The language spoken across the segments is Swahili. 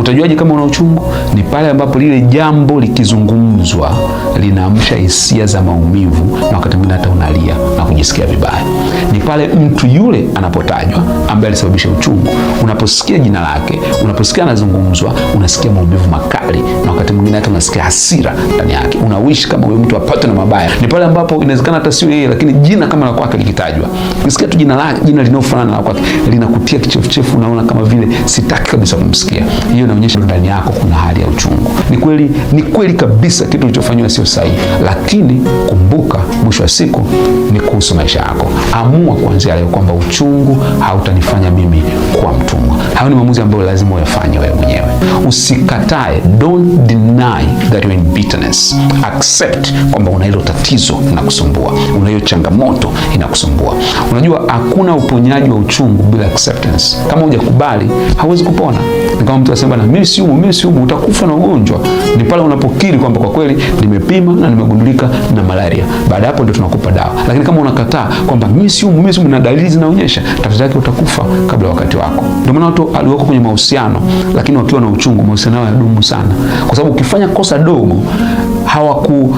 Utajuaje kama una uchungu? Ni pale ambapo lile jambo likizungumzwa linaamsha hisia za maumivu, na wakati mwingine hata unalia na kujisikia vibaya. Ni pale mtu yule anapotajwa ambaye alisababisha uchungu, unaposikia jina lake, unaposikia anazungumzwa, unasikia maumivu makali wakati mwingine hata unasikia hasira ndani yake, unawishi kama huyo mtu apate na mabaya. Ni pale ambapo inawezekana hata sio yeye, lakini jina kama la kwake likitajwa, ukisikia tu jina la jina linalofanana na kwake linakutia kichefuchefu, unaona kama vile sitaki kabisa kumsikia. Hiyo inaonyesha ndani yako kuna hali ya uchungu. Ni kweli, ni kweli kabisa kitu kilichofanywa sio sahihi, lakini kumbuka, mwisho wa siku ni kuhusu maisha yako. Amua kuanzia leo kwamba uchungu hautanifanya mimi kuwa mtumwa. Hayo ni maamuzi ambayo lazima uyafanye wewe mwenyewe, usikatae. Don't deny that you're in bitterness. Accept kwamba una hilo tatizo linakusumbua, una hiyo changamoto inakusumbua. Unajua hakuna uponyaji wa uchungu bila acceptance. Kama hujakubali hauwezi kupona. Ni kama mtu anasema na mimi siumu, mimi siumu, utakufa na ugonjwa. Ni pale unapokiri kwamba kwa kweli nimepima na nimegundulika na malaria. Baada hapo ndio tunakupa dawa. Lakini kama unakataa kwamba mimi siumu, mimi siumu na dalili zinaonyesha, tatizo yake utakufa kabla wakati wako. Ndio maana watu walioko kwenye mahusiano lakini wakiwa na uchungu, mahusiano yao yadumu sana. Kwa sababu sababu ukifanya kosa dogo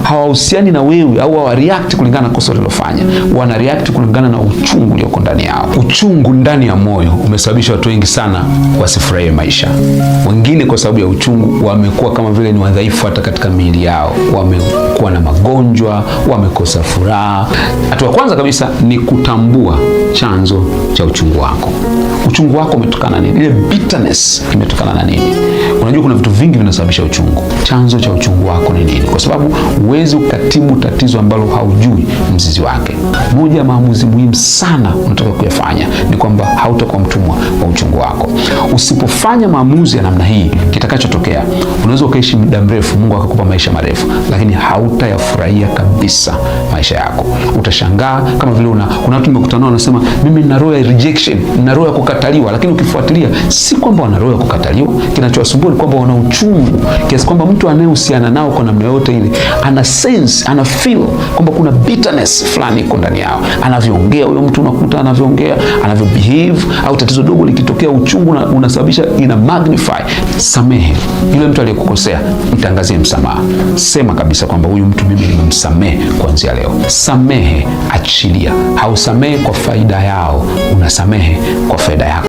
hawahusiani hawa na wewe au hawareact kulingana na kosa ulilofanya, wana react kulingana na uchungu ulioko ndani yao. Uchungu ndani ya moyo umesababisha watu wengi sana wasifurahie maisha. Wengine kwa sababu ya uchungu wamekuwa kama vile ni wadhaifu hata katika miili yao, wamekuwa na magonjwa, wamekosa furaha. Hatua ya kwanza kabisa ni kutambua chanzo cha uchungu wako. Uchungu wako umetokana nini? Ile bitterness imetokana na nini? vingi vinasababisha uchungu. Chanzo cha uchungu wako ni nini? Kwa sababu huwezi ukatibu tatizo ambalo haujui mzizi wake. Moja ya maamuzi muhimu sana unataka kuyafanya ni kwamba hautakuwa mtumwa wa uchungu wako. Usipofanya maamuzi ya namna hii, kitakachotokea unaweza ukaishi muda mrefu, Mungu akakupa maisha marefu, lakini hautayafurahia kabisa maisha yako. Utashangaa kama vile una, kuna watu nimekutana nao wanasema mimi nina roho ya rejection, nina roho ya kukataliwa, lakini ukifuatilia si kwamba wana roho ya kukataliwa, kinachowasumbua ni kwamba wana uchungu kiasi kwamba mtu anayehusiana nao kwa namna yote ile ana sense, ana feel kwamba kuna bitterness fulani iko ndani yao. Anavyoongea huyo mtu unakuta anavyoongea, anavyo behave, au tatizo dogo likitokea, uchungu unasababisha ina magnify. Samehe yule mtu aliyekukosea, mtangazie msamaha, sema kabisa kwamba huyu mtu mimi nimemsamehe kuanzia leo. Samehe, achilia. Hausamehe kwa faida yao, unasamehe kwa faida yako.